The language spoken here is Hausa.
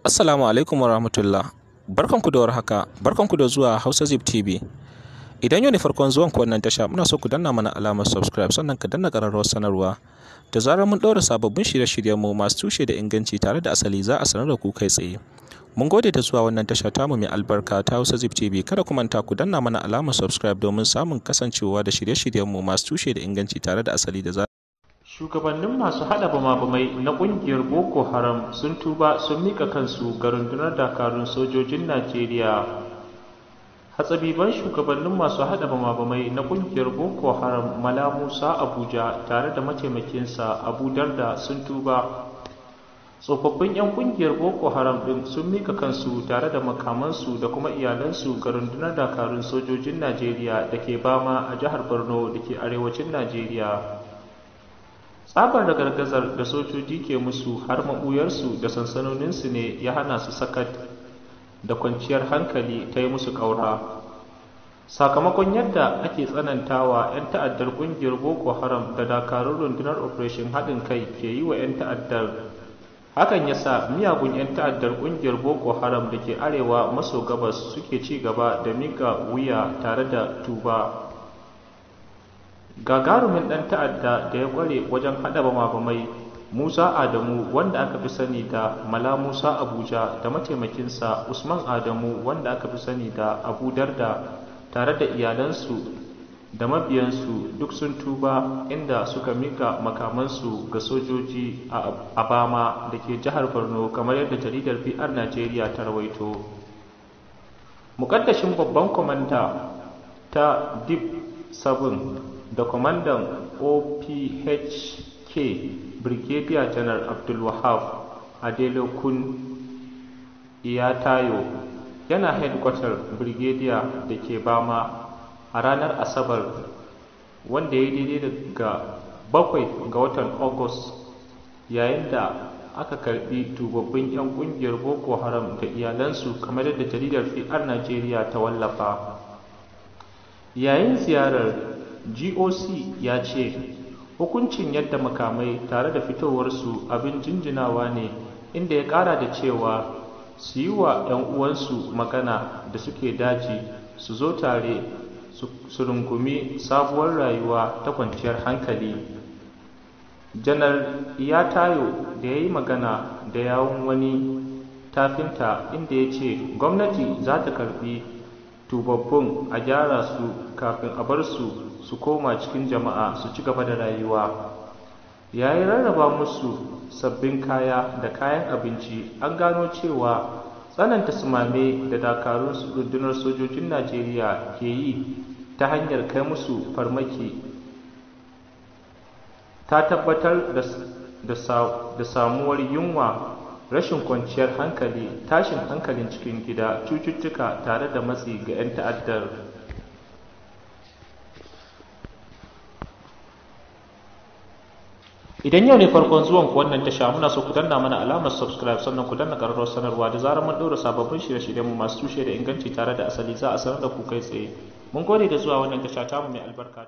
Assalamu alaikum wa rahmatullah. Barkanku da warhaka. Barkanku da zuwa Hausa Zip TV. Idan yau ne farkon zuwan ku wannan tasha, muna so ku danna mana alamar subscribe sannan ka danna ƙararrawar sanarwa. Da zarar mun ɗaura sababbin shirye-shiryen mu masu tushe da inganci tare da asali za a sanar da ku kai tsaye. Mun gode da zuwa wannan tasha tamu mai albarka ta Hausa Zip TV. Kada ku manta ku danna mana alamar subscribe domin samun kasancewa da shirye-shiryen mu masu tushe da inganci tare da asali da za shugabannin masu haɗa bama-bamai na ƙungiyar boko haram sun tuba sun mika kansu ga rundunar dakarun sojojin najeriya hatsabiban shugabannin masu haɗa bama-bamai na ƙungiyar boko haram mala musa abuja tare da mataimakinsa abu darda sun tuba tsofaffin 'yan ƙungiyar boko haram ɗin sun mika kansu tare da makamansu da kuma iyalansu ga rundunar dakarun sojojin najeriya da ke bama a jihar borno da ke arewacin najeriya tsabar da gargazar da sojoji ke musu har maɓuyarsu da sansanoninsu ne ya hana su sakat da kwanciyar hankali ta yi musu ƙaura sakamakon yadda ake tsanantawa 'yan ta'addar ƙungiyar boko haram da dakarun rundunar operation haɗin kai ke yi wa 'yan ta'addar hakan ya sa miyagun 'yan ta'addar ƙungiyar boko haram da ke arewa maso gabas suke ci gaba da miƙa wuya tare da tuba gagarumin ɗan ta'adda da ya ƙware wajen haɗa bamabamai musa adamu wanda aka fi sani da mala musa abuja da mataimakinsa usman adamu wanda aka fi sani da abu darda tare da iyalansu da mabiyansu duk sun tuba inda suka mika makamansu ga sojoji a abama da ke jihar borno kamar yadda jaridar pr najeriya ta rawaito mukaddashin babban kwamanda ta dib 7 da kwamandan ophk brigadier general abdulwahab adelokun iyatayo yana headquarter brigadier da ke bama a ranar asabar wanda ya daidai daga bakwai ga watan august yayin da aka karbi dubabbin 'yan kungiyar boko haram da iyalansu kamar yadda jaridar fi'ar najeriya ta wallafa yayin ziyarar goc ya ce hukuncin yadda makamai tare da fitowarsu abin jinjinawa ne inda ya ƙara da cewa su yi wa 'yan uwansu magana da suke daji su zo tare su rungumi sabuwar rayuwa ta kwanciyar hankali janar ya tayo da ya yi magana da yawun wani tafinta inda ya ce gwamnati za ta karbi tubabbun a gyara su kafin a bar su su koma cikin jama'a su ci gaba da rayuwa ya yi rarraba musu sabbin kaya da kayan abinci an gano cewa tsananta sumame da dakarun rundunar sojojin najeriya ke yi ta hanyar kai musu farmaki ta tabbatar da samuwar yunwa rashin kwanciyar hankali tashin hankalin cikin gida cututtuka tare da matsi ga 'yan ta'addar idan yau ne farkon zuwan ku wannan tasha muna so ku danna mana alamar subscribe sannan ku danna ƙararrawar sanarwa da zarar mun ɗora sababbin shirye-shiryen mu masu tushe da inganci tare da asali za a sanar da ku kai tsaye mun gode da zuwa wannan tasha tamu mai albarka